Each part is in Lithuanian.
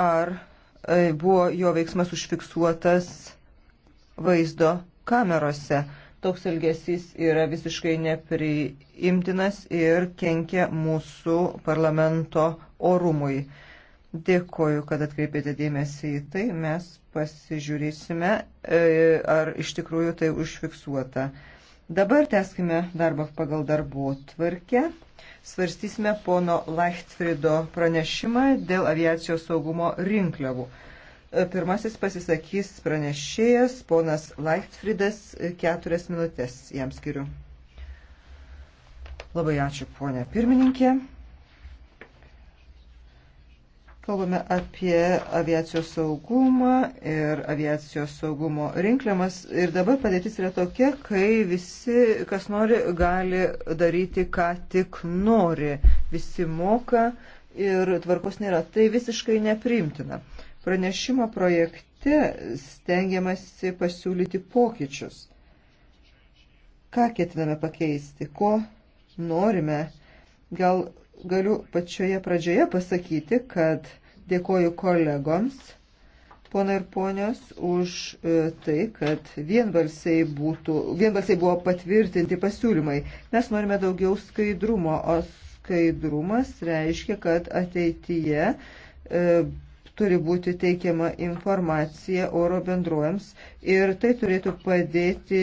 ar e, buvo jo veiksmas užfiksuotas vaizdo kamerose. Toks elgesys yra visiškai nepriimtinas ir kenkia mūsų parlamento orumui. Dėkoju, kad atkreipėte dėmesį į tai. Mes pasižiūrėsime, e, ar iš tikrųjų tai užfiksuota. Dabar teskime darbą pagal darbo tvarkę. Svarstysime pono Leichtfriedo pranešimą dėl aviacijos saugumo rinkliavų. E, pirmasis pasisakys pranešėjas, ponas Leichtfriedas, e, keturias minutės jam skiriu. Labai ačiū, ponė pirmininkė. Kalbame apie aviacijos saugumą ir aviacijos saugumo rinkliamas. Ir dabar padėtis yra tokia, kai visi, kas nori, gali daryti, ką tik nori. Visi moka ir tvarkos nėra. Tai visiškai neprimtina. Pranešimo projekte mieste stengiamasi pasiūlyti pokyčius. Ką ketiname pakeisti, ko norime. Gal galiu pačioje pradžioje pasakyti, kad Dėkoju kolegoms, pono ir ponios, už e, tai, kad vienbalsiai, būtų, vienbalsiai buvo patvirtinti pasiūlymai. Mes norime daugiau skaidrumo, o skaidrumas reiškia, kad ateityje e, turi būti teikiama informacija oro bendruojams ir tai turėtų padėti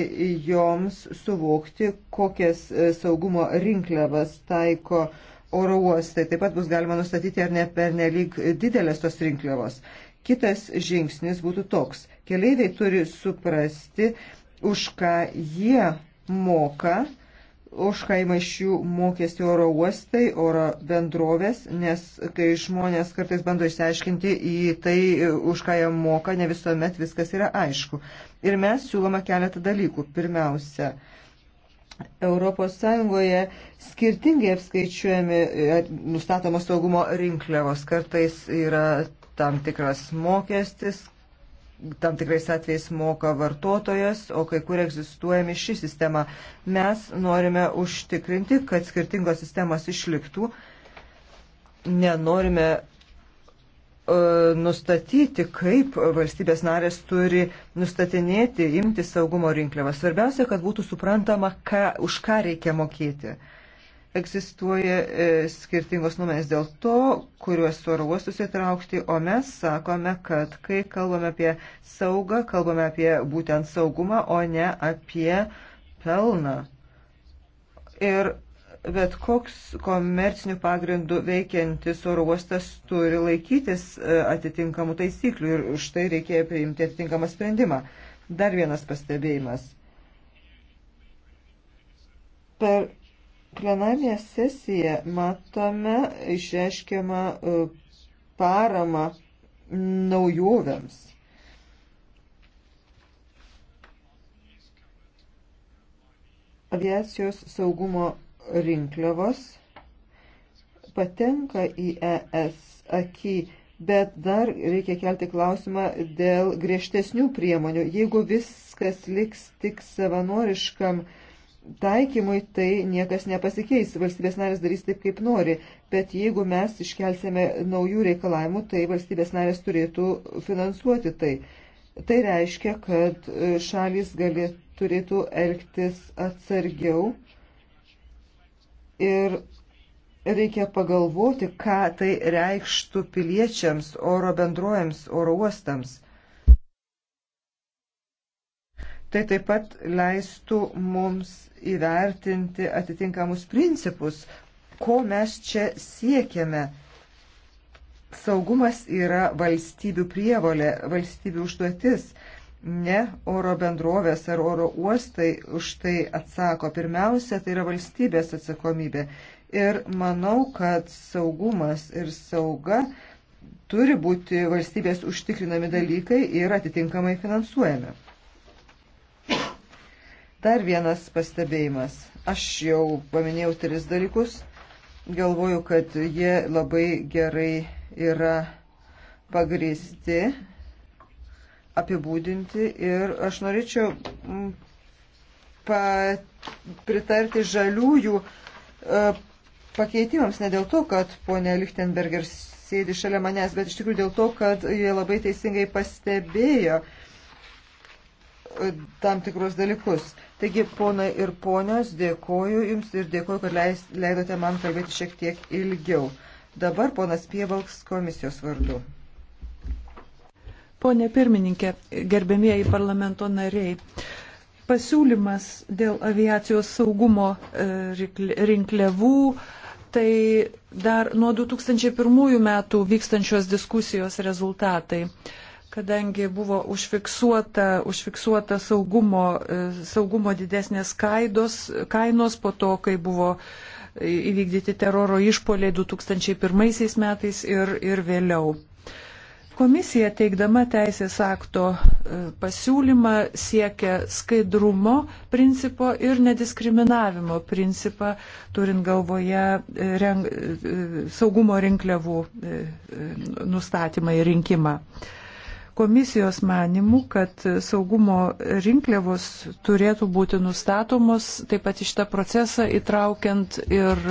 joms suvokti, kokias e, saugumo rinkliavas taiko e, oro uostai. Taip pat bus galima nustatyti, ar ne pernelyg didelės tos rinkliavos. Kitas žingsnis būtų toks. Keleiviai turi suprasti, už ką jie moka, už ką įmaišių mokėsi oro uostai, oro bendrovės, nes kai žmonės kartais bando išsiaiškinti į tai, už ką jie moka, ne visuomet viskas yra aišku. Ir mes siūloma keletą dalykų. Pirmiausia, Europos Sąjungoje skirtingai apskaičiuojami, e, nustatomos saugumo rinkliavos. Kartais yra tam tikras mokestis, tam tikrais atvejais moka vartotojas, o kai kur egzistuoja miši sistema. Mes norime užtikrinti, kad skirtingos sistemos išliktų. Nenorime E, nustatyti, kaip valstybės narės turi nustatinėti, imti saugumo rinkliavą. Svarbiausia, kad būtų suprantama, ką, už ką reikia mokėti. Egzistuoja e, skirtingos nuomonės dėl to, kuriuos oro uostus įtraukti, o mes sakome, kad kai kalbame apie saugą, kalbame apie būtent saugumą, o ne apie pelną. Ir bet koks komercinių pagrindų veikiantis oro uostas turi laikytis e, atitinkamų taisyklių ir už tai reikėjo priimti atitinkamą sprendimą. Dar vienas pastebėjimas. Per plenarnę sesiją matome išreiškiamą e, paramą naujovėms. Aviacijos saugumo rinkliavos patenka į ES akį, bet dar reikia kelti klausimą dėl griežtesnių priemonių. Jeigu viskas liks tik savanoriškam taikymui, tai niekas nepasikeis. Valstybės narės darys taip, kaip nori, bet jeigu mes iškelsime naujų reikalavimų, tai valstybės narės turėtų finansuoti tai. Tai reiškia, kad šalis galėtų turėtų elgtis atsargiau Ir reikia pagalvoti, ką tai reikštų piliečiams, oro bendruojams, oro uostams. Tai taip pat leistų mums įvertinti atitinkamus principus, ko mes čia siekiame. Saugumas yra valstybių prievolė, valstybių užduotis ne oro bendrovės ar oro uostai už tai atsako. Pirmiausia, tai yra valstybės atsakomybė. Ir manau, kad saugumas ir sauga turi būti valstybės užtikrinami dalykai ir atitinkamai finansuojami. Dar vienas pastebėjimas. Aš jau paminėjau tris dalykus. Galvoju, kad jie labai gerai yra pagristi apibūdinti ir aš norėčiau mm, pritarti žaliųjų e, pakeitimams, ne dėl to, kad ponė Lichtenberger sėdi šalia manęs, bet iš tikrųjų dėl to, kad jie labai teisingai pastebėjo e, tam tikrus dalykus. Taigi, ponai ir ponios, dėkoju Jums ir dėkoju, kad leis, leidote man kalbėti šiek tiek ilgiau. Dabar ponas Pievalks komisijos vardu. Pone pirmininkė, gerbėmieji parlamento nariai, pasiūlymas dėl aviacijos saugumo e, rinkliavų tai dar nuo 2001 metų vykstančios diskusijos rezultatai, kadangi buvo užfiksuota, užfiksuota saugumo, e, saugumo didesnės kaidos, kainos po to, kai buvo e, įvykdyti teroro išpoliai 2001 metais ir, ir vėliau. Komisija teikdama teisės akto e, pasiūlymą siekia skaidrumo principo ir nediskriminavimo principą, turint galvoje e, reng, e, saugumo rinkliavų nustatymą ir rinkimą. Komisijos manimų, kad saugumo rinkliavos turėtų būti nustatomos taip pat į šitą procesą įtraukiant ir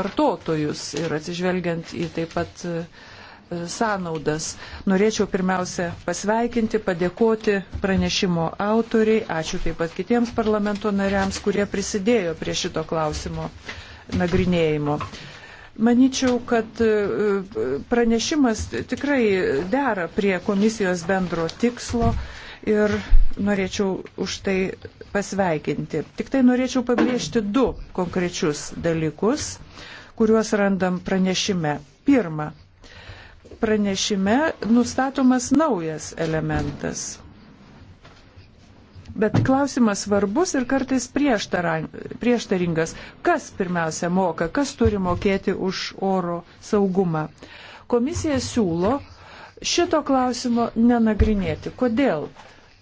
vartotojus ir atsižvelgiant į taip pat sąnaudas. Norėčiau pirmiausia pasveikinti, padėkoti pranešimo autoriai, ačiū taip pat kitiems parlamento nariams, kurie prisidėjo prie šito klausimo nagrinėjimo. Manyčiau, kad e, pranešimas tikrai dera prie komisijos bendro tikslo ir norėčiau už tai pasveikinti. Tik tai norėčiau pabrėžti du konkrečius dalykus, kuriuos randam pranešime. Pirma, pranešime nustatomas naujas elementas. Bet klausimas svarbus ir kartais prieštaringas. Kas pirmiausia moka, kas turi mokėti už oro saugumą? Komisija siūlo šito klausimo nenagrinėti. Kodėl?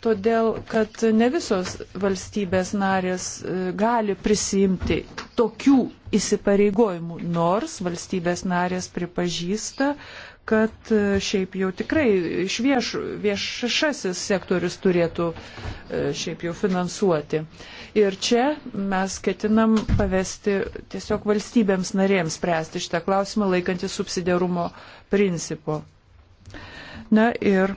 Todėl, kad ne visos valstybės narės e, gali prisimti tokių įsipareigojimų, nors valstybės narės pripažįsta, kad e, šiaip jau tikrai iš vieš, viešasis sektorius turėtų e, šiaip jau finansuoti. Ir čia mes ketinam pavesti tiesiog valstybėms narėms spręsti šitą klausimą laikantį subsidiarumo principo. Na ir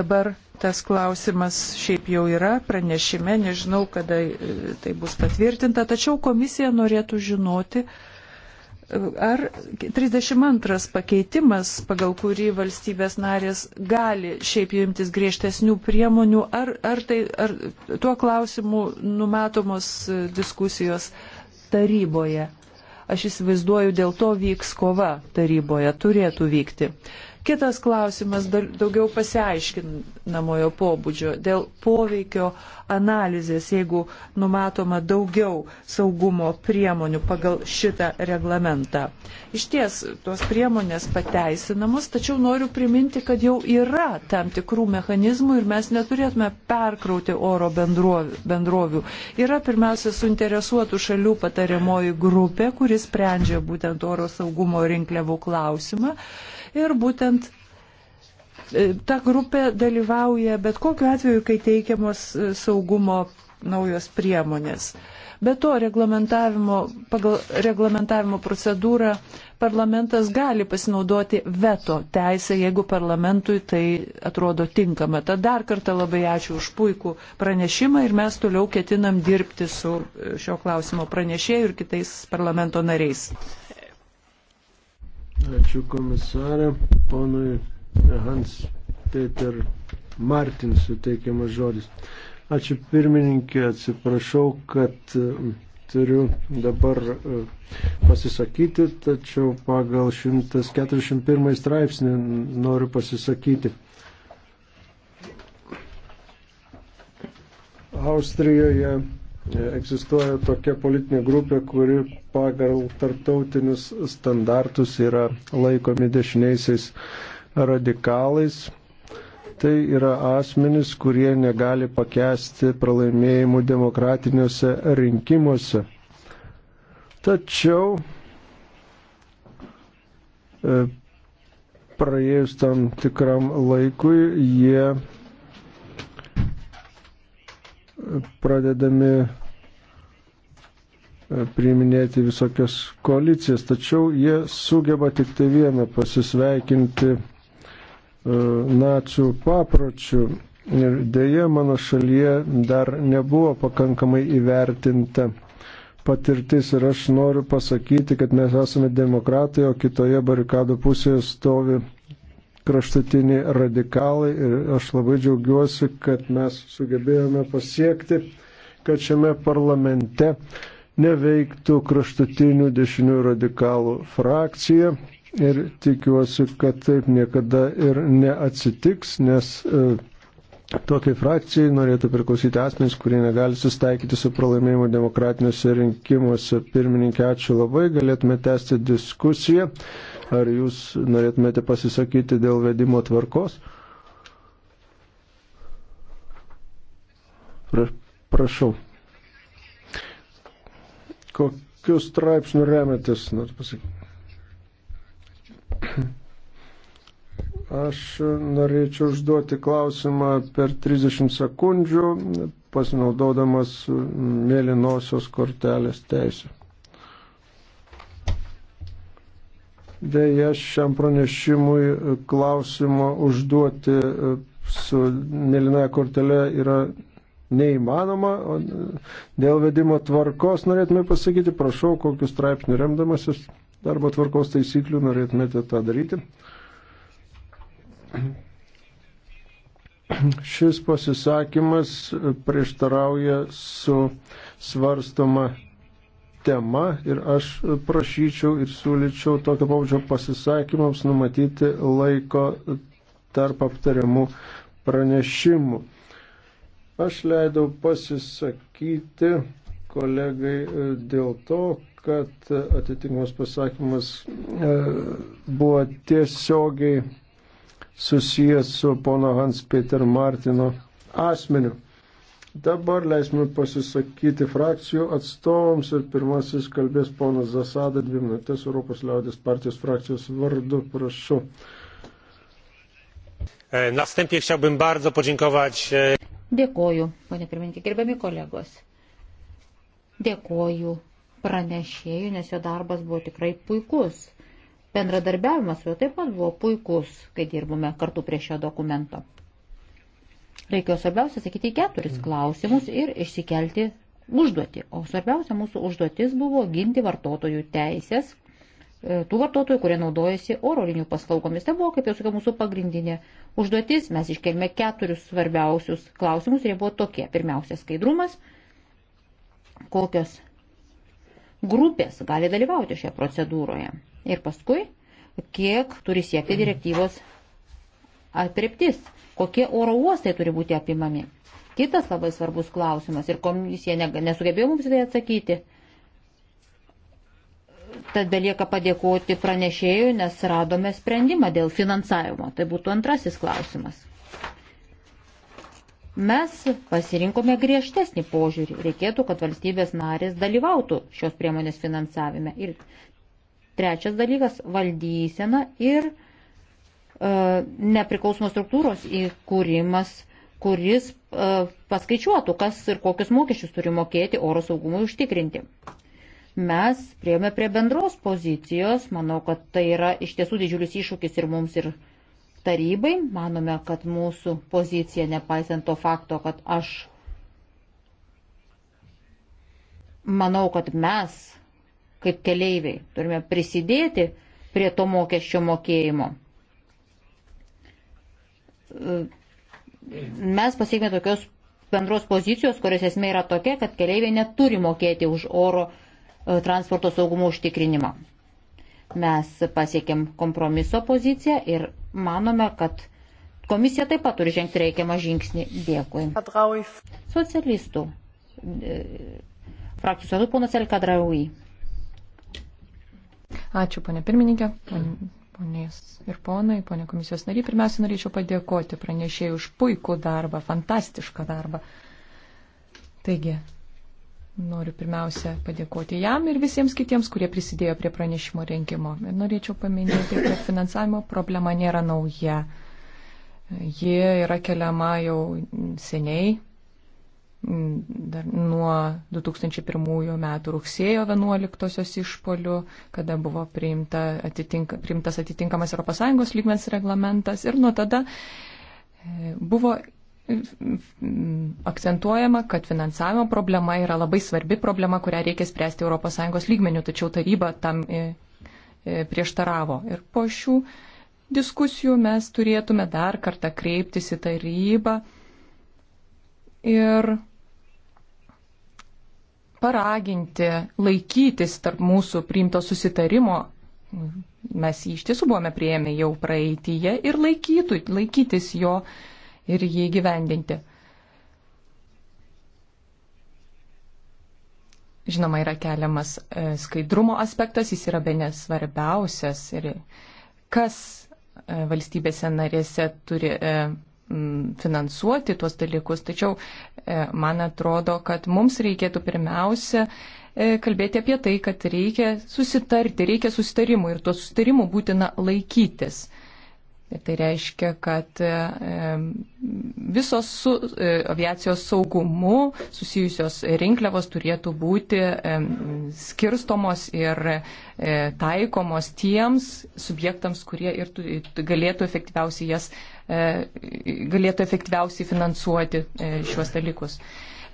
dabar tas klausimas šiaip jau yra pranešime, nežinau, kada e, tai bus patvirtinta, tačiau komisija norėtų žinoti, uh, Ar 32 pakeitimas, pagal kurį valstybės narės gali šiaip imtis griežtesnių priemonių, ar, ar, tai, ar tuo klausimu numatomos e, diskusijos taryboje? Aš įsivaizduoju, dėl to vyks kova taryboje, turėtų vykti. Uh, Kitas klausimas daugiau pasiaiškinamojo pobūdžio dėl poveikio analizės, jeigu numatoma daugiau saugumo priemonių pagal šitą reglamentą. Iš ties, tos priemonės pateisinamos, tačiau noriu priminti, kad jau yra tam tikrų mechanizmų ir mes neturėtume perkrauti oro bendrovių. Yra pirmiausia suinteresuotų šalių patariamoji grupė, kuris sprendžia būtent oro saugumo rinkliavų klausimą. Ir būtent Ta grupė dalyvauja bet kokiu atveju, kai teikiamos e, saugumo naujos priemonės. Be to, reglamentavimo, pagal reglamentavimo procedūrą parlamentas gali pasinaudoti veto teisę, jeigu parlamentui tai atrodo tinkama. Tad dar kartą labai ačiū už puikų pranešimą ir mes toliau ketinam dirbti su e, šio klausimo pranešėju ir kitais parlamento nariais. Ačiū komisarė, ponui Hans Peter Martin suteikiamas žodis. Ačiū pirmininkė, atsiprašau, kad e, turiu dabar e, pasisakyti, tačiau pagal 141 straipsnį noriu pasisakyti. Austrijoje e, egzistuoja tokia politinė grupė, kuri pagal tarptautinius standartus yra laikomi dešiniaisiais radikalais. Tai yra asmenys, kurie negali pakęsti pralaimėjimų demokratiniuose rinkimuose. Tačiau e, praėjus tam tikram laikui jie e, pradedami e, priiminėti visokias koalicijas, tačiau jie sugeba tik tai vieną pasisveikinti E, nacių papročių. Ir dėje mano šalyje dar nebuvo pakankamai įvertinta patirtis ir aš noriu pasakyti, kad mes esame demokratai, o kitoje barikado pusėje stovi kraštutiniai radikalai ir aš labai džiaugiuosi, kad mes sugebėjome pasiekti, kad šiame parlamente neveiktų kraštutinių dešinių radikalų frakcija ir tikiuosi, kad taip niekada ir neatsitiks, nes e, tokiai frakcijai norėtų priklausyti asmenys, kurie negali sustaikyti su pralaimėjimu demokratiniuose rinkimuose. Pirmininkė, ačiū labai, galėtume tęsti diskusiją. Ar jūs norėtumėte pasisakyti dėl vedimo tvarkos? Pra, prašau. Kokius straipsnių remiatės, noriu pasakyti? Aš norėčiau užduoti klausimą per 30 sekundžių, pasinaudodamas mėlynosios kortelės teisę. Deja, šiam pranešimui klausimą užduoti su mėlynaja kortelė yra neįmanoma. Dėl vedimo tvarkos norėtume pasakyti, prašau, kokius straipsnių remdamasis darbo tvarkos taisyklių, norėtumėte tą daryti. Šis pasisakymas prieštarauja su svarstoma tema ir aš prašyčiau ir siūlyčiau tokio pavyzdžio pasisakymams numatyti laiko tarp aptariamų pranešimų. Aš leidau pasisakyti kolegai dėl to, kad atitinkamas pasakymas e, buvo tiesiogiai susijęs su pono Hans Peter Martino asmeniu. Dabar leisime pasisakyti frakcijų atstovams ir pirmasis kalbės ponas Zasada dvi minutės Europos liaudės partijos frakcijos vardu. Prašau. E, Następnie chciałbym bardzo podziękować. E, Dėkoju, ponė pirmininkė, gerbiami kolegos. Dėkoju pranešėjų, nes jo darbas buvo tikrai puikus. Bendradarbiavimas su juo taip pat buvo puikus, kai dirbome kartu prie šio dokumento. Reikėjo svarbiausia sakyti keturis mm. klausimus ir išsikelti užduotį. O svarbiausia mūsų užduotis buvo ginti vartotojų teisės, e, tų vartotojų, kurie naudojasi oro linijų paslaugomis. Tai buvo, kaip jau sakiau, mūsų pagrindinė užduotis. Mes iškelme keturis svarbiausius klausimus ir jie buvo tokie. Pirmiausia, skaidrumas, kokios grupės gali dalyvauti šioje procedūroje. Ir paskui, kiek turi siekti direktyvos apriptis, kokie oro uostai turi būti apimami. Kitas labai svarbus klausimas ir komisija nesugebėjo mums tai atsakyti. Tad belieka padėkoti pranešėjui, nes radome sprendimą dėl finansavimo. Tai būtų antrasis klausimas. Mes pasirinkome griežtesnį požiūrį. Reikėtų, kad valstybės narės dalyvautų šios priemonės finansavime. Ir trečias dalykas - valdysena ir e, nepriklausomos struktūros įkūrimas, kuris e, paskaičiuotų, kas ir kokius mokesčius turi mokėti oro saugumui užtikrinti. Mes prieme prie bendros pozicijos, manau, kad tai yra iš tiesų didžiulis iššūkis ir mums ir tarybai. Manome, kad mūsų pozicija, nepaisant to fakto, kad aš manau, kad mes, kaip keleiviai, turime prisidėti prie to mokesčio mokėjimo. Mes pasiekime tokios bendros pozicijos, kurios esmė yra tokia, kad keleiviai neturi mokėti už oro e, transporto saugumo užtikrinimą mes pasiekėm kompromiso poziciją ir manome, kad komisija taip pat turi žengti reikiamą žingsnį. Dėkui. Socialistų. E, Frakcijų sadu ponas Elkadraui. Ačiū, ponė pirmininkė, ponės ir ponai, ponė komisijos nariai. Pirmiausia, norėčiau padėkoti pranešėjai už puikų darbą, fantastišką darbą. Taigi, Noriu pirmiausia padėkoti jam ir visiems kitiems, kurie prisidėjo prie pranešimo rengimo. Ir norėčiau paminėti, kad finansavimo problema nėra nauja. Ji yra keliama jau seniai, dar nuo 2001 metų rugsėjo 11-osios išpolių, kada buvo priimta atitinka, priimtas atitinkamas ES lygmens reglamentas ir nuo tada e, buvo akcentuojama, kad finansavimo problema yra labai svarbi problema, kurią reikia spręsti ES lygmenių, tačiau taryba tam e, e, prieštaravo. Ir po šių diskusijų mes turėtume dar kartą kreiptis į tarybą ir paraginti laikytis tarp mūsų priimto susitarimo mes jį iš tiesų buvome prieėmę jau praeitįje ir laikytų, laikytis jo ir jį gyvendinti. Žinoma, yra keliamas e, skaidrumo aspektas, jis yra be nesvarbiausias ir kas e, valstybėse narėse turi e, finansuoti tuos dalykus. Tačiau man atrodo, kad mums reikėtų pirmiausia kalbėti apie tai, kad reikia susitarti, reikia susitarimų ir tuo susitarimu būtina laikytis. Ir tai reiškia, kad e, visos su e, aviacijos saugumu susijusios rinkliavos turėtų būti e, skirstomos ir taikomos tiems subjektams, kurie ir galėtų efektyviausiai jas galėtų efektyviausiai finansuoti šiuos dalykus.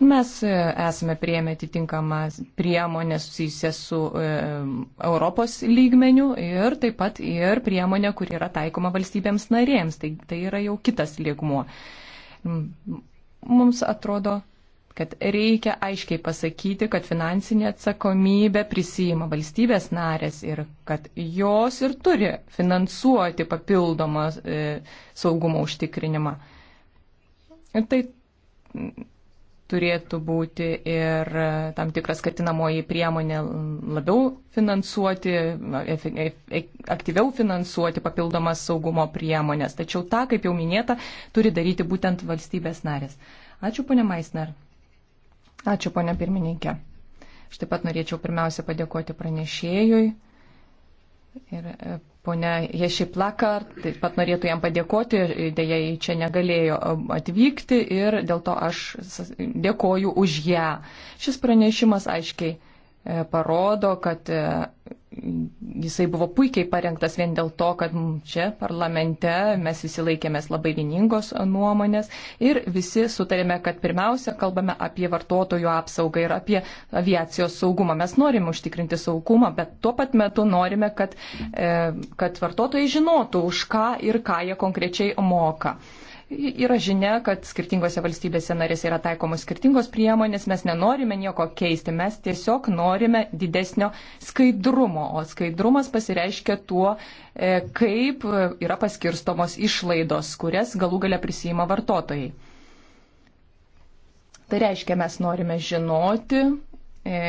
Mes e, esame prieimę atitinkamą priemonę susijusią su e, Europos lygmeniu ir taip pat ir priemonę, kur yra taikoma valstybėms narėms. Tai, tai yra jau kitas lygmuo. Mums atrodo, kad reikia aiškiai pasakyti, kad finansinė atsakomybė prisijima valstybės narės ir kad jos ir turi finansuoti papildomą e, saugumo užtikrinimą. Ir tai turėtų būti ir e, tam tikras skatinamoji priemonė labiau finansuoti, e-, e-, aktyviau finansuoti papildomas saugumo priemonės. Tačiau tą, kaip jau minėta, turi daryti būtent valstybės narės. Ačiū, ponė Maisner. Ačiū, ponė pirmininkė. Aš taip pat norėčiau pirmiausia padėkoti pranešėjui Ir e, ponia Ješiplaka taip pat norėtų jam padėkoti, dėja jį čia negalėjo um, atvykti ir dėl to aš dėkoju už ją. Šis pranešimas aiškiai e, parodo, kad e, jisai buvo puikiai parengtas vien dėl to, kad čia parlamente mes visi laikėmės labai vieningos nuomonės ir visi sutarėme, kad pirmiausia kalbame apie vartotojų apsaugą ir apie aviacijos saugumą. Mes norime užtikrinti saugumą, bet tuo pat metu norime, kad, e, kad vartotojai žinotų, už ką ir ką jie konkrečiai moka. Yra žinia, kad skirtingose valstybėse narėse yra taikomos skirtingos priemonės, mes nenorime nieko keisti, mes tiesiog norime didesnio skaidrumo, o skaidrumas pasireiškia tuo, e, kaip yra paskirstomos išlaidos, kurias galų gale prisima vartotojai. Tai reiškia, mes norime žinoti, e,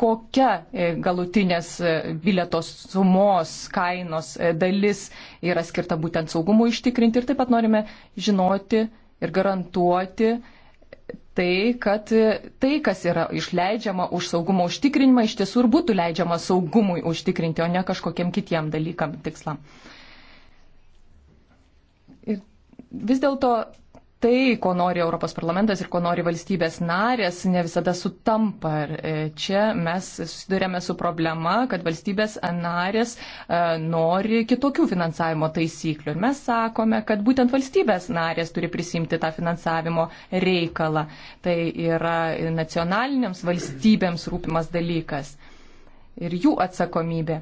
kokia e, galutinės e, biletos sumos kainos e, dalis yra skirta būtent saugumui ištikrinti ir taip pat norime žinoti ir garantuoti tai, kad tai, kas yra išleidžiama už saugumo užtikrinimą, iš tiesų ir būtų leidžiama saugumui užtikrinti, o ne kažkokiem kitiem dalykam tikslam. Ir vis dėlto tai, ko nori Europos parlamentas ir ko nori valstybės narės, ne visada sutampa. Ir e, čia mes susidurėme su problema, kad valstybės narės e, nori kitokių finansavimo taisyklių. Ir mes sakome, kad būtent valstybės narės turi prisimti tą finansavimo reikalą. Tai yra nacionaliniams valstybėms rūpimas dalykas ir jų atsakomybė.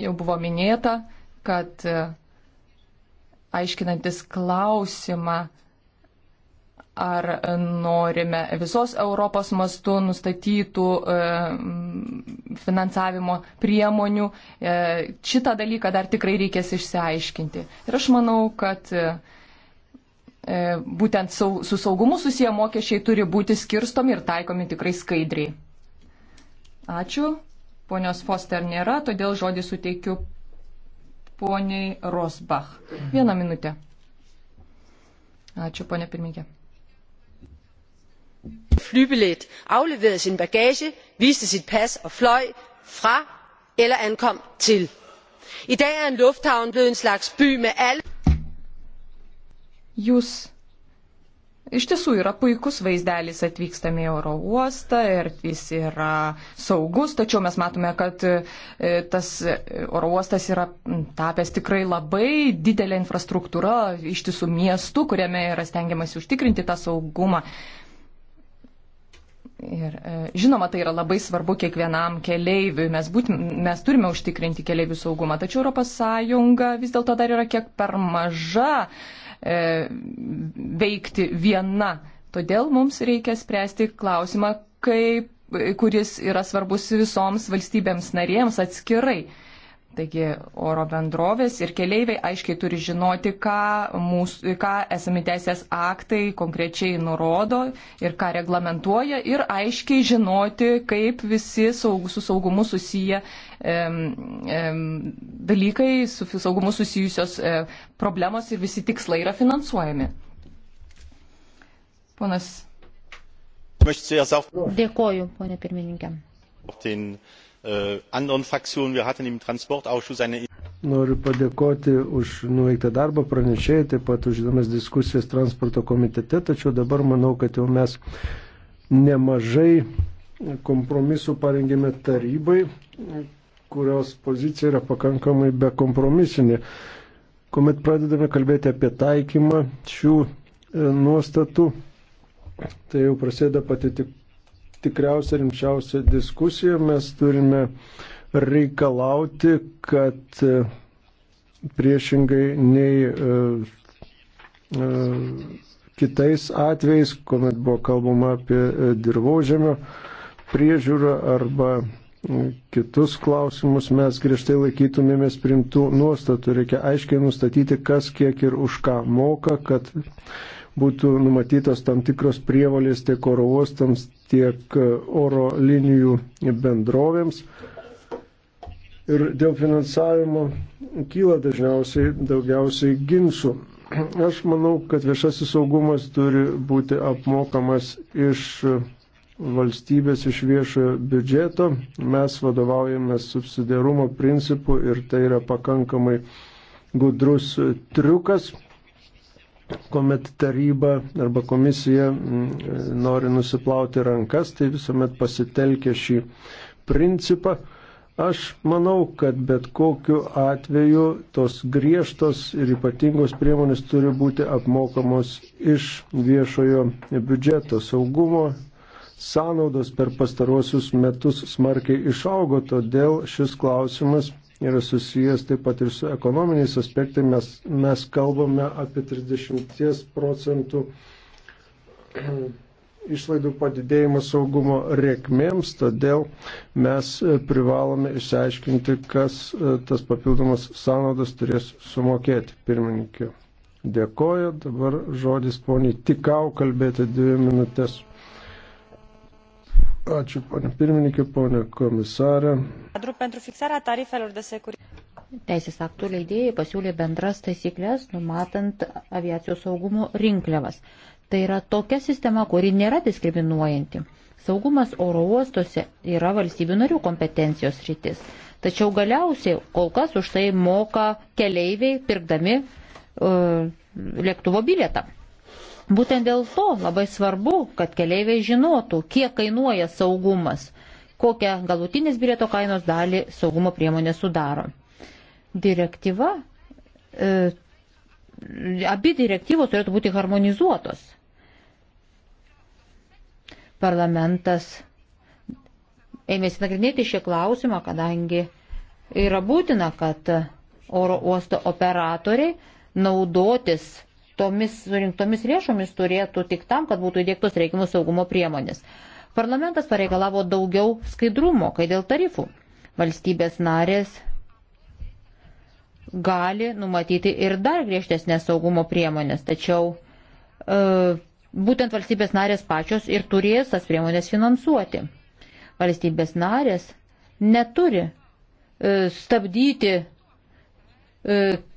Jau buvo minėta, kad e, aiškinantis klausimą, ar norime visos Europos mastu nustatytų e, finansavimo priemonių. E, šitą dalyką dar tikrai reikės išsiaiškinti. Ir aš manau, kad e, būtent su saugumu susiję mokesčiai turi būti skirstomi ir taikomi tikrai skaidriai. Ačiū. Ponios Foster nėra, todėl žodį suteikiu poniai Rosbach. Vieną minutę. Ačiū, ponė pirmininkė. Flybillet afleverede sin bagage, viste sit pas og fløj fra eller ankom til. I dag er en lufthavn blevet en slags by med alle. Jūs Iš tiesų yra puikus vaizdelis atvykstame į oro uostą ir jis yra saugus, tačiau mes matome, kad e, tas oro uostas yra tapęs tikrai labai didelė infrastruktūra iš tiesų miestų, kuriame yra stengiamasi užtikrinti tą saugumą. Ir e, žinoma, tai yra labai svarbu kiekvienam keleiviui. Mes, būt, mes turime užtikrinti keleivių saugumą, tačiau ES vis dėlto dar yra kiek per maža E, veikti viena. Todėl mums reikia spręsti klausimą, kaip, kuris yra svarbus visoms valstybėms narėms atskirai. Taigi oro bendrovės ir keleiviai aiškiai turi žinoti, ką, mūsų, ką esami teisės aktai konkrečiai nurodo ir ką reglamentuoja ir aiškiai žinoti, kaip visi saug, su saugumu susiję em, em, dalykai, su saugumu susijusios e, problemos ir visi tikslai yra finansuojami. Ponas. Dėkoju, ponė pirmininkė. Äh, anderen Fraktionen. Wir hatten im Transportausschuss eine. Noriu padėkoti už nuveiktą darbą pranešėjai, taip pat už įdomias diskusijas transporto komitete, tačiau dabar manau, kad jau mes nemažai kompromisų parengėme tarybai, kurios pozicija yra pakankamai bekompromisinė. Komet pradedame kalbėti apie taikymą šių e, nuostatų, tai jau prasideda pati tik tikriausia rimčiausia diskusija. Mes turime reikalauti, kad e, priešingai nei e, e, kitais atvejais, kuomet buvo kalbama apie dirbožėmio priežiūrą arba kitus klausimus mes griežtai laikytumėmės primtų nuostatų. Reikia aiškiai nustatyti, kas kiek ir už ką moka, kad būtų numatytos tam tikros prievalės tiek oro uostams, tiek e, oro linijų bendrovėms. Ir dėl finansavimo kyla dažniausiai daugiausiai ginčių. Aš manau, kad viešasis saugumas turi būti apmokamas iš e, valstybės iš viešojo biudžeto. Mes vadovaujame subsidiarumo principu ir tai yra pakankamai gudrus triukas kuomet taryba arba komisija mm, nori nusiplauti rankas, tai visuomet pasitelkia šį principą. Aš manau, kad bet kokiu atveju tos griežtos ir ypatingos priemonės turi būti apmokamos iš viešojo biudžeto saugumo sąnaudos per pastaruosius metus smarkiai išaugo, todėl šis klausimas yra susijęs taip pat ir su ekonominiais aspektais. Mes, mes kalbame apie 30 procentų išlaidų padidėjimą saugumo reikmėms, todėl mes privalome išsiaiškinti, kas e, tas papildomas sąnaudas turės sumokėti. Pirmininkė, dėkoju. Dabar žodis poniai Tikau kalbėti dvi minutės. Ačiū, ponė pirmininkė, ponė komisarė. Teisės aktų leidėjai pasiūlė bendras taisyklės, numatant aviacijos saugumo rinkliavas. Tai yra tokia sistema, kuri nėra diskriminuojanti. Saugumas oro uostuose yra valstybių narių kompetencijos rytis. Tačiau galiausiai kol kas už tai moka keleiviai pirkdami uh, lėktuvo bilietą. Būtent dėl to labai svarbu, kad keleiviai žinotų, kiek kainuoja saugumas, kokią galutinės bilieto kainos dalį saugumo priemonė sudaro. Direktyva, e, abi direktyvos turėtų būti harmonizuotos. Parlamentas ėmėsi nagrinėti šį klausimą, kadangi yra būtina, kad oro uosto operatoriai naudotis tomis surinktomis lėšomis turėtų tik tam, kad būtų įdėktos reikimus saugumo priemonės. Parlamentas pareikalavo daugiau skaidrumo, kai dėl tarifų valstybės narės gali numatyti ir dar griežtesnės saugumo priemonės, tačiau e, būtent valstybės narės pačios ir turės tas priemonės finansuoti. Valstybės narės neturi e, stabdyti E,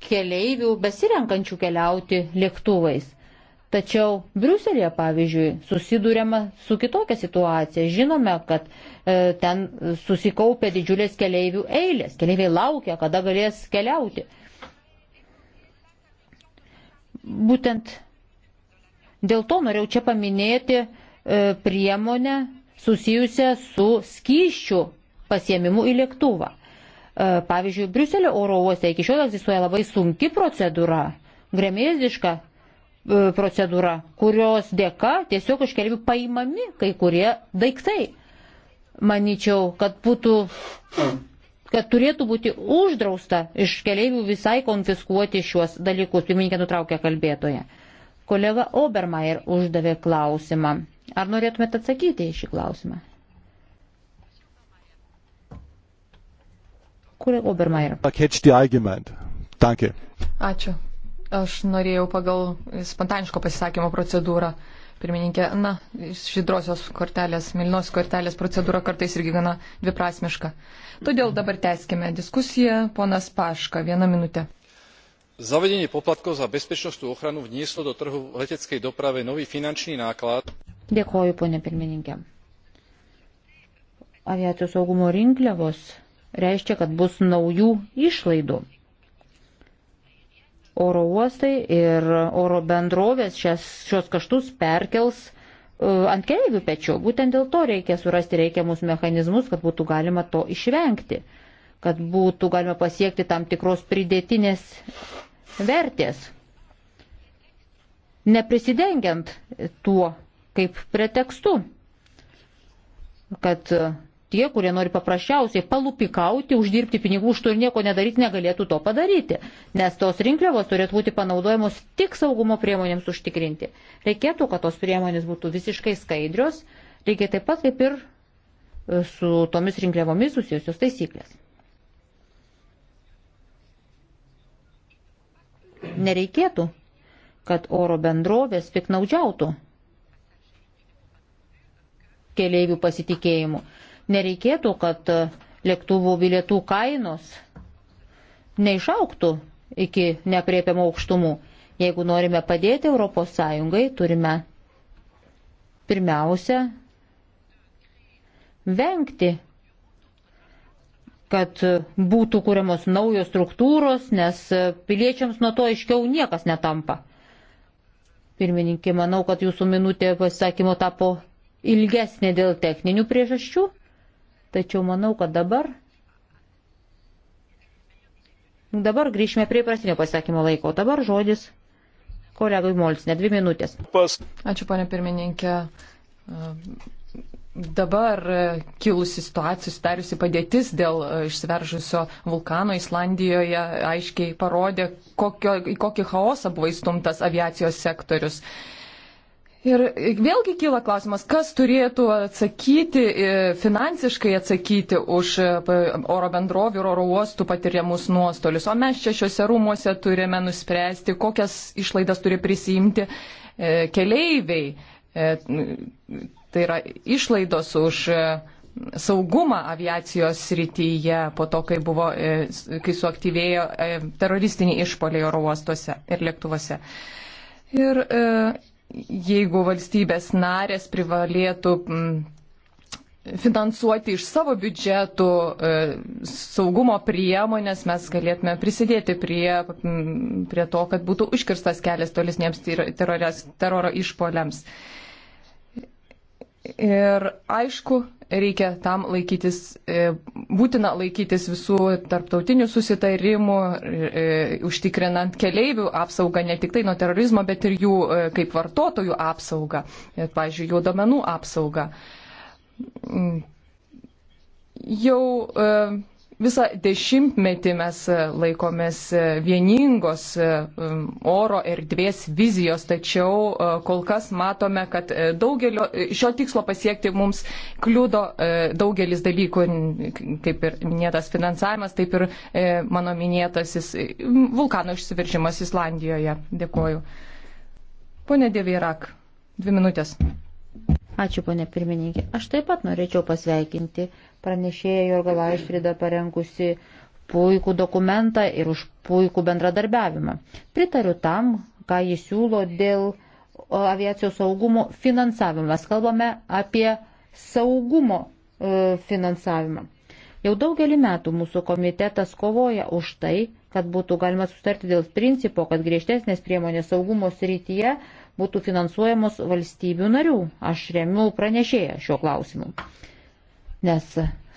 keleivių besirenkančių keliauti lėktuvais. Tačiau Briuselėje, pavyzdžiui, susidūrėma su kitokia situacija. Žinome, kad e, ten susikaupia didžiulės keleivių eilės. Keleiviai laukia, kada galės keliauti. Būtent dėl to norėjau čia paminėti e, priemonę susijusią su skyščių pasiemimu į lėktuvą. E, pavyzdžiui, Briuselio oro uoste iki šiol egzistuoja labai sunki procedūra, gremėziška e, procedūra, kurios dėka tiesiog iš kelių paimami kai kurie daiktai. Maničiau, kad būtų kad turėtų būti uždrausta iš keliaivių visai konfiskuoti šiuos dalykus. Pirmininkė nutraukė kalbėtoje. Kolega Obermeier uždavė klausimą. Ar norėtumėte atsakyti į šį klausimą? Kolega Obermeier. HDI gemeint. Danke. Ačiū. Aš norėjau pagal spontaniško pasisakymo procedūrą. Pirmininkė, na, šidrosios kortelės, milinos kortelės procedūra kartais irgi gana dviprasmiška. Todėl dabar tęskime diskusiją. Ponas Paška, vieną minutę. Zavedenie poplatkov za bezpečnostnú ochranu vnieslo do trhu v leteckej doprave nový finančný náklad. Dėkoju, ponė pirmininkė. Aviacijos saugumo rinkliavos reiškia, kad bus naujų išlaidų. Oro uostai ir oro bendrovės šias, šios kaštus perkels e, ant keliaivių pečių. Būtent dėl to reikia surasti reikiamus mechanizmus, kad būtų galima to išvengti, kad būtų galima pasiekti tam tikros pridėtinės vertės, neprisidengiant tuo kaip pretekstu, kad tie, kurie nori paprasčiausiai palupikauti, uždirbti pinigų už to ir nieko nedaryti, negalėtų to padaryti, nes tos rinkliavos turėtų būti panaudojamos tik saugumo priemonėms užtikrinti. Reikėtų, kad tos priemonės būtų visiškai skaidrios, reikia taip pat kaip ir e, su tomis rinkliavomis susijusios taisyklės. Nereikėtų, kad oro bendrovės piknaudžiautų keleivių pasitikėjimu. Nereikėtų, kad lėktuvų bilietų kainos neišauktų iki nepriepiamų aukštumų. Jeigu norime padėti ES, turime pirmiausia vengti, kad būtų kuriamos naujos struktūros, nes piliečiams nuo to aiškiau niekas netampa. Pirmininkė, manau, kad jūsų minutė pasakymo tapo ilgesnė dėl techninių priežasčių. Tačiau manau, kad dabar. Nu, dabar grįžime prie prasinio pasakymo laiko. Dabar žodis kolegui Molsne. Dvi minutės. Pas. Ačiū, ponė pirmininkė. Dabar kilusi situacija, sudariusi padėtis dėl išsiveržusio vulkano Islandijoje aiškiai parodė, kokio, į kokį chaosą buvo įstumtas aviacijos sektorius. Uh, Ir vėlgi kyla klausimas, kas turėtų atsakyti, e, finansiškai atsakyti už e, oro bendrovių ir oro uostų patiriamus nuostolius. O mes čia šiuose rūmuose turime nuspręsti, kokias išlaidas turi prisijimti e, keleiviai. Tai yra išlaidos už saugumą aviacijos srityje po to, kai, buvo, kai suaktyvėjo teroristiniai išpoliai oro uostuose ir lėktuvuose. Ir jeigu valstybės narės privalėtų mm, finansuoti iš savo biudžetų e, saugumo priemonės, mes galėtume prisidėti prie, mm, prie to, kad būtų užkirstas kelias tolesniems teroro išpoliams. Ir aišku, reikia tam laikytis, e, būtina laikytis visų tarptautinių susitarimų, e, užtikrinant keleivių apsaugą ne tik tai nuo terorizmo, bet ir jų e, kaip vartotojų apsaugą, pavyzdžiui, jų domenų apsaugą. Mm. Jau Visą dešimtmetį mes e, laikomės e, vieningos e, oro erdvės vizijos, tačiau kol kas matome, kad daugelio, šio tikslo pasiekti mums kliudo daugelis dalykų, kaip ir minėtas finansavimas, taip ir mano minėtasis vulkano išsiveržimas Islandijoje. Dėkuoju. Pone Dėvyrak, dvi minutės. Ačiū, ponė pirmininkė. Aš taip pat norėčiau pasveikinti pranešėją Jorgą Laišfridą parengusi puikų dokumentą ir už puikų bendradarbiavimą. Pritariu tam, ką jis siūlo dėl aviacijos saugumo finansavimo. Mes kalbame apie saugumo e, finansavimą. Jau daugelį metų mūsų komitetas kovoja už tai, kad būtų galima sustarti dėl principo, kad griežtesnės priemonės saugumo srityje uh, būtų finansuojamos valstybių narių. Aš remiu pranešėją šiuo klausimu. Nes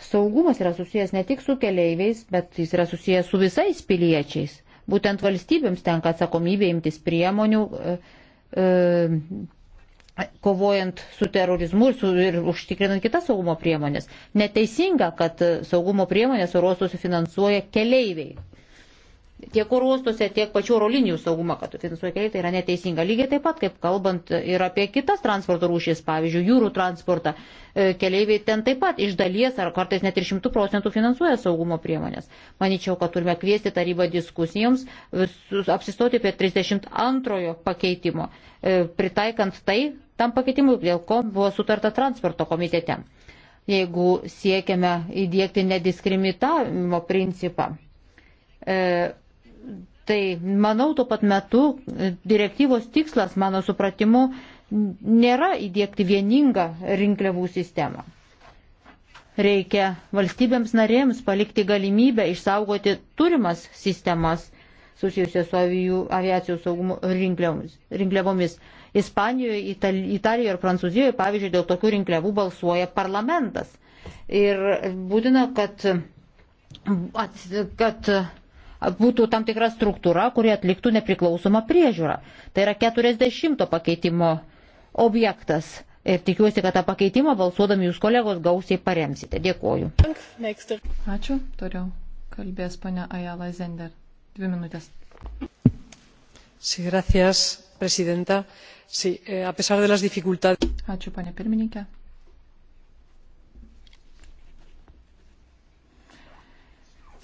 saugumas yra susijęs ne tik su keleiviais, bet jis yra susijęs su visais piliečiais. Būtent valstybėms tenka atsakomybė imtis priemonių e, e, kovojant su terorizmu ir, su, ir užtikrinant kitas saugumo priemonės. Neteisinga, kad saugumo priemonės orostuose finansuoja keleiviai, tiek orostose, tiek pačių oro linijų saugumą, kad finansuoja keliai, tai yra neteisinga. Lygiai taip pat, kaip kalbant ir apie kitas transporto rūšys, pavyzdžiui, jūrų transportą, e, keliaiviai ten taip pat iš dalies ar kartais net ir šimtų procentų finansuoja saugumo priemonės. Maničiau, kad turime kviesti tarybą diskusijoms, visus, apsistoti apie 32 pakeitimo, e, pritaikant tai tam pakeitimui, dėl ko buvo sutarta transporto komitete. Jeigu siekiame įdėkti nediskriminavimo principą, e, Tai manau, tuo pat metu e, direktyvos tikslas, mano supratimu, nėra įdėkti vieningą rinkliavų sistemą. Reikia valstybėms narėms palikti galimybę išsaugoti turimas sistemas susijusios su avijų, aviacijos saugumo rinkliavomis. Ispanijoje, Ital Italijoje ir Prancūzijoje, pavyzdžiui, dėl tokių rinkliavų balsuoja parlamentas. Ir būtina, kad, kad būtų tam tikra struktūra, kurie atliktų nepriklausomą priežiūrą. Tai yra 40 pakeitimo objektas. Ir tikiuosi, kad tą pakeitimą balsuodami jūs kolegos gausiai paremsite. Dėkoju. Ačiū. Toliau kalbės ponia Ajala Zender. Dvi minutės. Sí, gracias, presidenta. Sí, eh, a pesar de las dificultades. Ačiū, ponia pirmininkė.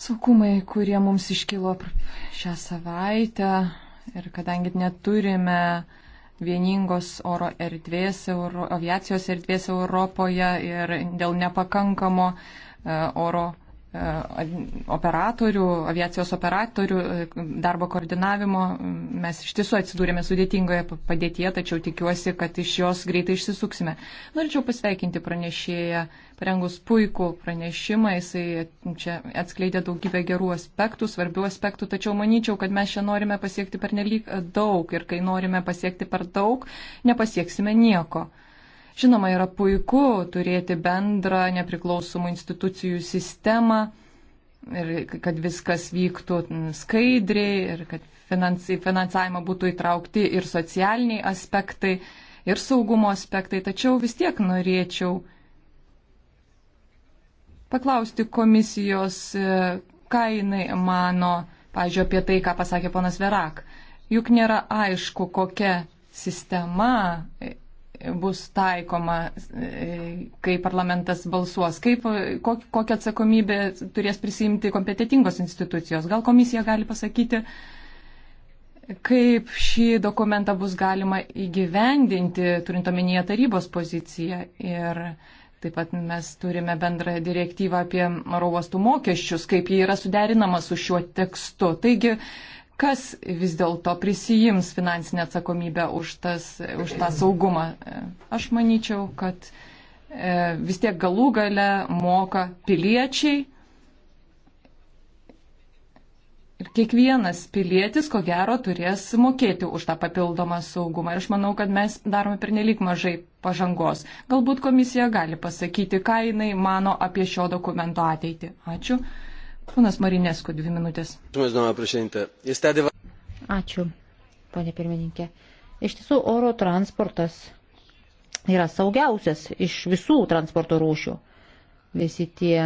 Saukumai, kurie mums iškilo šią savaitę ir kadangi neturime vieningos oro erdvės, euro, aviacijos erdvės Europoje ir dėl nepakankamo e, oro operatorių, aviacijos operatorių darbo koordinavimo. Mes iš tiesų atsidūrėme sudėtingoje padėtyje, tačiau tikiuosi, kad iš jos greitai išsisuksime. Norėčiau pasveikinti pranešėją, parengus puikų pranešimą, jisai čia atskleidė daugybę gerų aspektų, svarbių aspektų, tačiau manyčiau, kad mes čia norime pasiekti per nelik daug ir kai norime pasiekti per daug, nepasieksime nieko. Žinoma, yra puiku turėti bendrą nepriklausomų institucijų sistemą ir kad viskas vyktų skaidriai ir kad finansai, finansavimą būtų įtraukti ir socialiniai aspektai, ir saugumo aspektai. Tačiau vis tiek norėčiau paklausti komisijos, ką jinai mano, pažiūrėjau, apie tai, ką pasakė ponas Verak. Juk nėra aišku, kokia sistema bus taikoma, e, kai parlamentas balsuos, kaip, kokią atsakomybę turės prisimti kompetitingos institucijos. Gal komisija gali pasakyti, kaip šį dokumentą bus galima įgyvendinti, turint omenyje tarybos poziciją. Ir taip pat mes turime bendrą direktyvą apie oro uostų mokesčius, kaip jie yra suderinama su šiuo tekstu. Taigi, kas vis dėlto prisijims finansinę atsakomybę už, tas, už tą saugumą. Aš manyčiau, kad e, vis tiek galų gale moka piliečiai. Ir kiekvienas pilietis, ko gero, turės mokėti už tą papildomą saugumą. Ir aš manau, kad mes darome pernelyg mažai pažangos. Galbūt komisija gali pasakyti, ką jinai mano apie šio dokumento ateitį. Ačiū. Ponas Marinesko, dvi minutės. Ačiū, ponė pirmininkė. Iš tiesų, oro transportas yra saugiausias iš visų transporto rūšių. Visi tie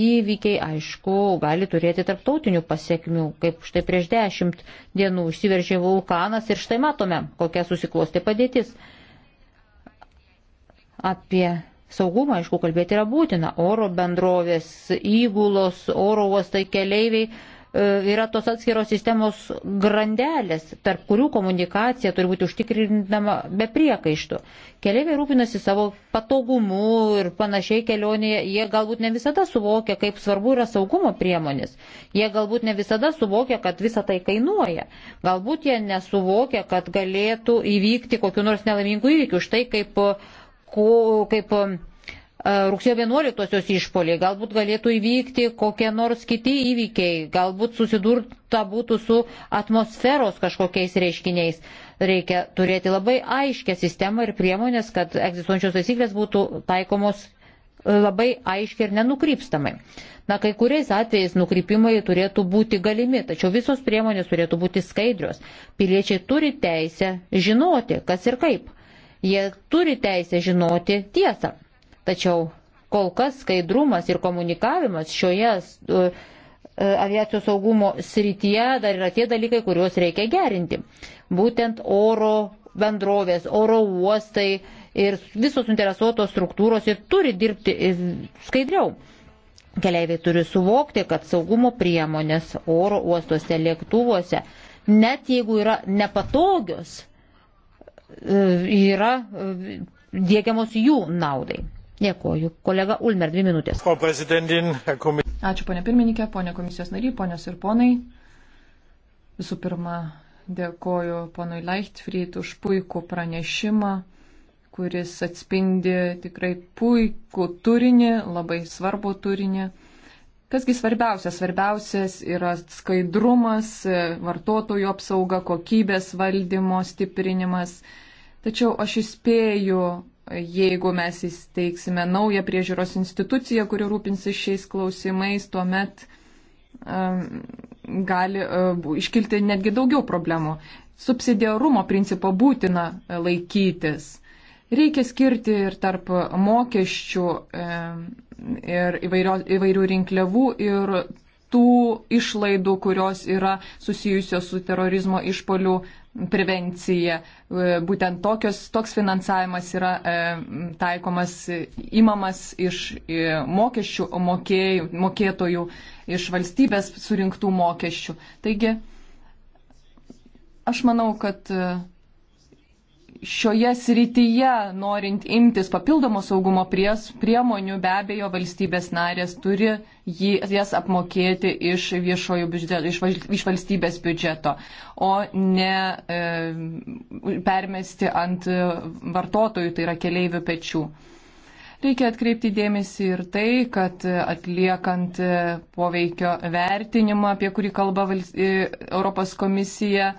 įvykiai, aišku, gali turėti tarptautinių pasiekmių, kaip štai prieš dešimt dienų išsiveržė vulkanas ir štai matome, kokia susiklosti padėtis. Apie Saugumą, aišku, kalbėti yra būtina. Oro bendrovės, įgulos, oro uostai, keleiviai e, yra tos atskiros sistemos grandelės, tarp kurių komunikacija turi būti užtikrinama be priekaištų. Keleiviai rūpinasi savo patogumu ir panašiai kelionėje, jie galbūt ne visada suvokia, kaip svarbu yra saugumo priemonės, jie galbūt ne visada suvokia, kad visa tai kainuoja, galbūt jie nesuvokia, kad galėtų įvykti kokiu nors nelaimingu įvykiu, štai kaip uh, kaip e, rugsėjo 11-osios išpoliai, galbūt galėtų įvykti kokie nors kiti įvykiai, galbūt susidurta būtų su atmosferos kažkokiais reiškiniais. Reikia turėti labai aiškę sistemą ir priemonės, kad egzistuojančios taisyklės būtų taikomos e, labai aiškiai ir nenukrypstamai. Na, kai kuriais atvejais nukrypimai turėtų būti galimi, tačiau visos priemonės turėtų būti skaidrios. Piliečiai turi teisę žinoti, kas ir kaip. Jie turi teisę žinoti tiesą. Tačiau kol kas skaidrumas ir komunikavimas šioje e, e, aviacijos saugumo srityje dar yra tie dalykai, kuriuos reikia gerinti. Būtent oro bendrovės, oro uostai ir visos interesuotos struktūros ir turi dirbti skaidriau. Keleiviai turi suvokti, kad saugumo priemonės oro uostuose, lėktuvuose, net jeigu yra nepatogios, E, yra e, dėkiamos jų naudai. Dėkoju. Kolega Ulmer, dvi minutės. Ačiū, ponė pirmininkė, ponė komisijos nariai, ponios ir ponai. Visų pirma, dėkoju ponui Leichtfried už puikų pranešimą, kuris atspindi tikrai puikų turinį, labai svarbų turinį. Kasgi svarbiausia? Svarbiausias yra skaidrumas, vartotojų apsauga, kokybės valdymo stiprinimas. Tačiau aš įspėju, jeigu mes įsteigsime naują priežiūros instituciją, kuri rūpinsis šiais klausimais, tuomet um, gali uh, iškilti netgi daugiau problemų. Subsidiarumo principo būtina laikytis Reikia skirti ir tarp mokesčių ir įvairio, įvairių rinkliavų ir tų išlaidų, kurios yra susijusios su terorizmo išpolių prevencija. E, būtent tokios, toks finansavimas yra taikomas, imamas iš e, mokesčių mokėj, mokėtojų, iš valstybės surinktų mokesčių. Taigi, aš manau, kad šioje srityje, norint imtis papildomo saugumo pries, priemonių, be abejo, valstybės narės turi jį, jas apmokėti iš, biudžeto, iš, iš valstybės biudžeto, o ne e, permesti ant vartotojų, tai yra keleivių pečių. Reikia atkreipti dėmesį ir tai, kad atliekant poveikio vertinimą, apie kurį kalba e, Europos komisija,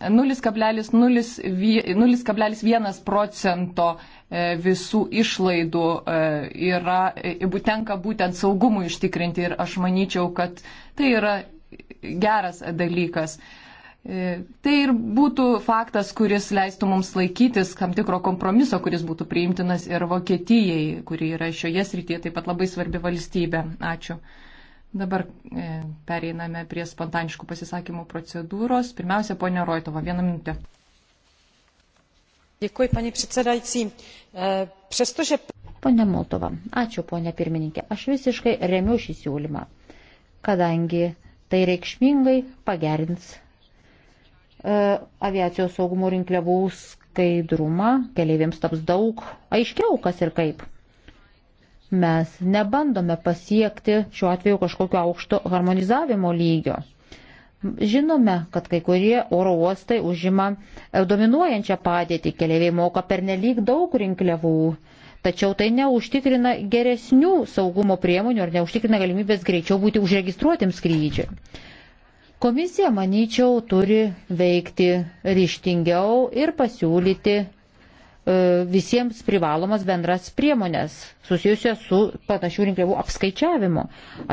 0,1 procento e, visų išlaidų e, yra, e, tenka būtent saugumui ištikrinti ir aš manyčiau, kad tai yra geras dalykas. Tai ir būtų faktas, kuris leistų mums laikytis tam tikro kompromiso, kuris būtų priimtinas ir Vokietijai, kuri yra šioje srityje taip pat labai svarbi valstybė. Ačiū. Dabar e, pereiname prie spontaniškų pasisakymų procedūros. Pirmiausia, ponia Roitova, vieną minutę. Dėkui, panie predsedajci. E, Přestože... Pone Moltova, ačiū, ponia pirmininkė. Aš visiškai remiu šį siūlymą, kadangi tai reikšmingai pagerins e, aviacijos saugumo rinkliavų skaidrumą, keleiviams taps daug aiškiau, kas ir kaip. Mes nebandome pasiekti šiuo atveju kažkokio aukšto harmonizavimo lygio. Žinome, kad kai kurie oro uostai užima e, dominuojančią padėtį, keliaiviai moka pernelyg daug rinkliavų, tačiau tai neužtikrina geresnių saugumo priemonių ar neužtikrina galimybės greičiau būti užregistruotiems skrydžiui. Komisija, manyčiau, turi veikti ryštingiau ir pasiūlyti E, visiems privalomas bendras priemonės susijusios su panašių rinkliavų apskaičiavimu.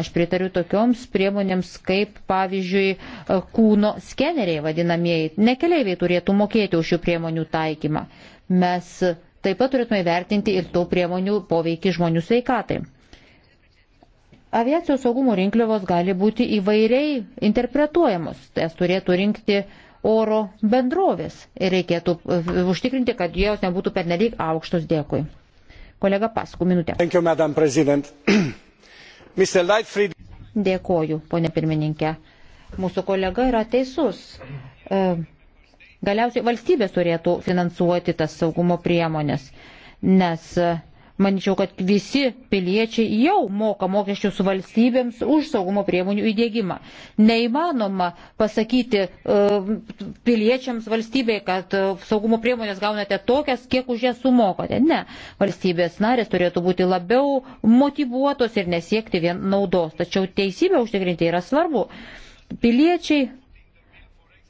Aš pritariu tokioms priemonėms kaip, pavyzdžiui, e, kūno skeneriai vadinamieji. Nekeleiviai turėtų mokėti už šių priemonių taikymą. Mes taip pat turėtume vertinti ir tų priemonių poveikį žmonių sveikatai. Aviacijos saugumo rinkliavos gali būti įvairiai interpretuojamos. Jas turėtų rinkti uh, oro bendrovės ir reikėtų e, užtikrinti, kad jos nebūtų pernelyg aukštos. Dėkui. Kolega Pasku, minutė. Thank you, Madam President. Mr. Lightfried. Dėkoju, ponė pirmininkė. Mūsų kolega yra teisus. E, galiausiai valstybės turėtų finansuoti tas saugumo priemonės, nes Manyčiau, kad visi piliečiai jau moka mokesčius valstybėms už saugumo priemonių įdėgymą. Neįmanoma pasakyti uh, piliečiams valstybėje, kad uh, saugumo priemonės gaunate tokias, kiek už jas sumokote. Ne. Valstybės narės turėtų būti labiau motivuotos ir nesiekti vien naudos. Tačiau teisybę užtikrinti yra svarbu. Piliečiai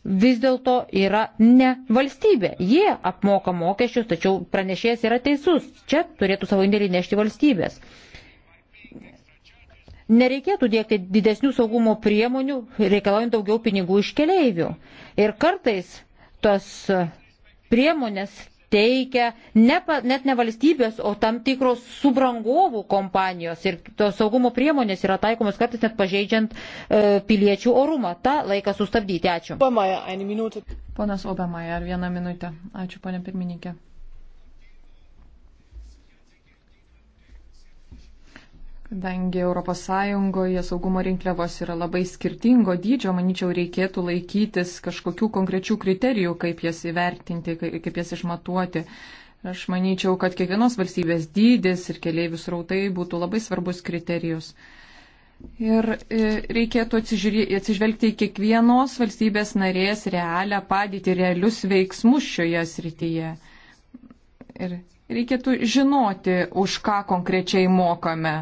vis dėlto yra ne valstybė. Jie apmoka mokesčius, tačiau pranešėjas yra teisus. Čia turėtų savo indėlį nešti valstybės. Nereikėtų dėkti didesnių saugumo priemonių, reikalaujant daugiau pinigų iš keleivių. Ir kartais tos priemonės teikia ne, net ne valstybės, o tam tikros subrangovų kompanijos ir tos saugumo priemonės yra taikomos kartais net pažeidžiant e, piliečių orumą. Ta laiką sustabdyti. Ačiū. Ponas Obemaja, ar vieną minutę. Ačiū, ponė pirmininkė. Kadangi ES saugumo rinkliavos yra labai skirtingo dydžio, manyčiau, reikėtų laikytis kažkokių konkrečių kriterijų, kaip jas įvertinti, kaip jas išmatuoti. Aš manyčiau, kad kiekvienos valstybės dydis ir keliaivių srautai būtų labai svarbus kriterijus. Ir e, reikėtų atsižvelgti į kiekvienos valstybės narės realią padėtį, realius veiksmus šioje srityje. Ir reikėtų žinoti, už ką konkrečiai mokame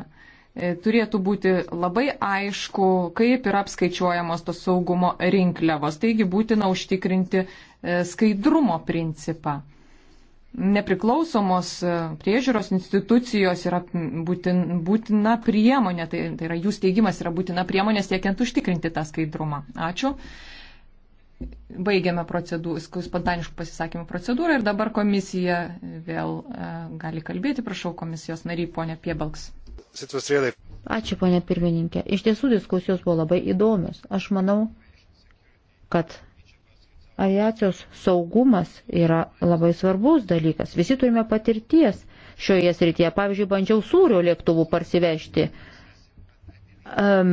E, turėtų būti labai aišku, kaip yra apskaičiuojamos tos saugumo rinkliavos. Taigi būtina užtikrinti e, skaidrumo principą. Nepriklausomos e, priežiūros institucijos yra būtin, būtina priemonė, tai, tai yra jų steigimas yra būtina priemonė siekiant užtikrinti tą skaidrumą. Ačiū. Baigiame spontaniškų pasisakymų procedūrą ir dabar komisija vėl e, gali kalbėti. Prašau komisijos nariai, ponė Piebalks. Ačiū, ponė pirmininkė. Iš tiesų diskusijos buvo labai įdomios. Aš manau, kad aviacijos saugumas yra labai svarbus dalykas. Visi turime patirties šioje srityje. Pavyzdžiui, bandžiau sūrio lėktuvų parsivežti. Um,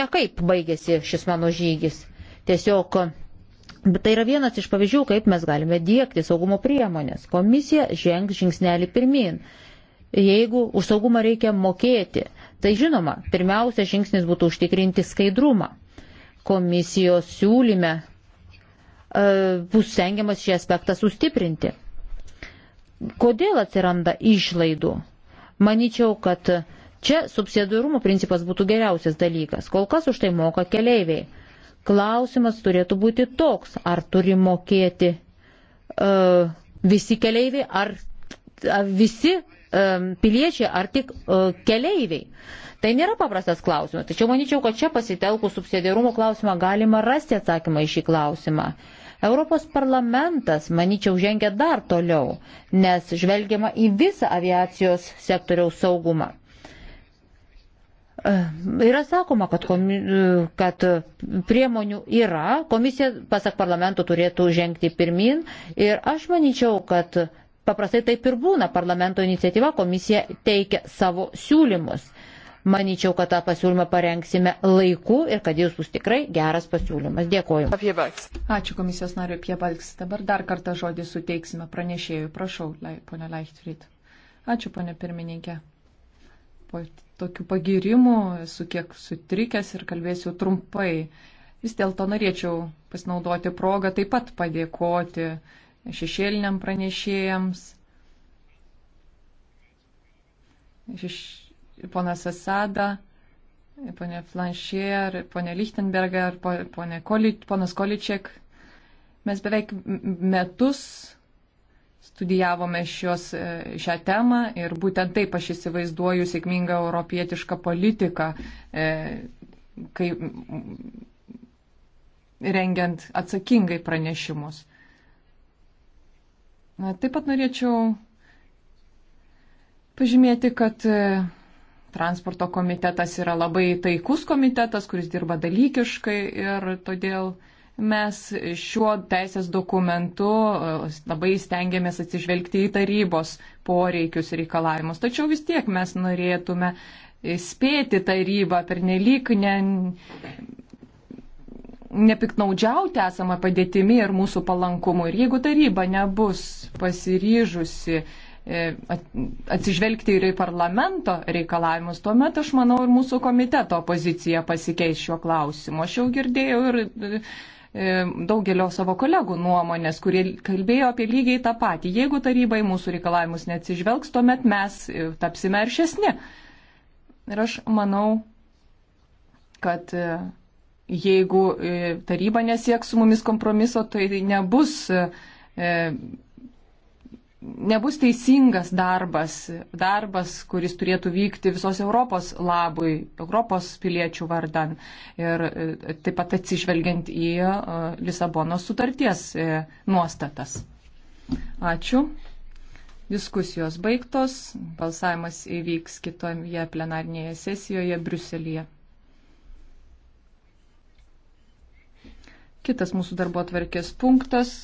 nekaip baigėsi šis mano žygis. Tiesiog Bet tai yra vienas iš pavyzdžių, kaip mes galime dėkti saugumo priemonės. Komisija žengs žingsnelį pirmin jeigu už saugumą reikia mokėti. Tai žinoma, pirmiausia žingsnis būtų užtikrinti skaidrumą. Komisijos siūlyme e, bus stengiamas šį aspektą sustiprinti. Kodėl atsiranda išlaidų? Manyčiau, kad čia subsidiarumo principas būtų geriausias dalykas. Kol kas už tai moka keleiviai. Klausimas turėtų būti toks, ar turi mokėti uh, e, visi keleiviai, ar visi Um, piliečiai ar tik uh, keleiviai. Tai nėra paprastas klausimas. Tačiau manyčiau, kad čia pasitelkus subsidiarumo klausimą galima rasti atsakymą į šį klausimą. Europos parlamentas, manyčiau, žengia dar toliau, nes žvelgiama į visą aviacijos sektoriaus saugumą. Uh, yra sakoma, kad, komi, uh, kad priemonių yra, komisija, pasak parlamento, turėtų žengti pirmin ir aš manyčiau, kad Paprastai taip ir būna. Parlamento iniciatyva komisija teikia savo siūlymus. Maničiau, kad tą pasiūlymą parengsime laiku ir kad jis bus tikrai geras pasiūlymas. Dėkoju. Ačiū komisijos nariu Piebalks. Dabar dar kartą žodį suteiksime pranešėjui. Prašau, ponia Leichtfried. Ačiū, ponia pirmininkė. Po tokių pagirimų esu kiek sutrikęs ir kalbėsiu trumpai. Vis dėlto norėčiau pasinaudoti progą taip pat padėkoti šešėliniam pranešėjams. Šeš... Ponas Asada, ponė Flanšier, ponė Lichtenberger, ponė Koli... ponas Količek. Mes beveik metus studijavome šios, šią temą ir būtent taip aš įsivaizduoju sėkmingą europietišką politiką, e, kai rengiant atsakingai pranešimus. Na, taip pat norėčiau pažymėti, kad e, transporto komitetas yra labai taikus komitetas, kuris dirba dalykiškai ir todėl mes šiuo teisės dokumentu e, labai stengiamės atsižvelgti į tarybos poreikius ir reikalavimus. Tačiau vis tiek mes norėtume spėti tarybą per nelik ne, nepiknaudžiauti esamą padėtimi ir mūsų palankumu. Ir jeigu taryba nebus pasiryžusi e, atsižvelgti ir į parlamento reikalavimus, tuomet aš manau ir mūsų komiteto pozicija pasikeis šiuo klausimu. Aš jau girdėjau ir e, daugelio savo kolegų nuomonės, kurie kalbėjo apie lygiai tą patį. Jeigu taryba į mūsų reikalavimus neatsižvelgs, tuomet mes e, tapsime aršesni. Ir aš manau, kad jeigu e, taryba nesieks su mumis kompromiso, tai nebus, e, e, nebus teisingas darbas, darbas, kuris turėtų vykti visos Europos labui, Europos piliečių vardan ir taip pat atsižvelgiant į Lisabono sutarties nuostatas. Ačiū. Diskusijos baigtos, balsavimas įvyks kitoje plenarinėje sesijoje Bruselėje. Kitas mūsų darbo atvarkės punktas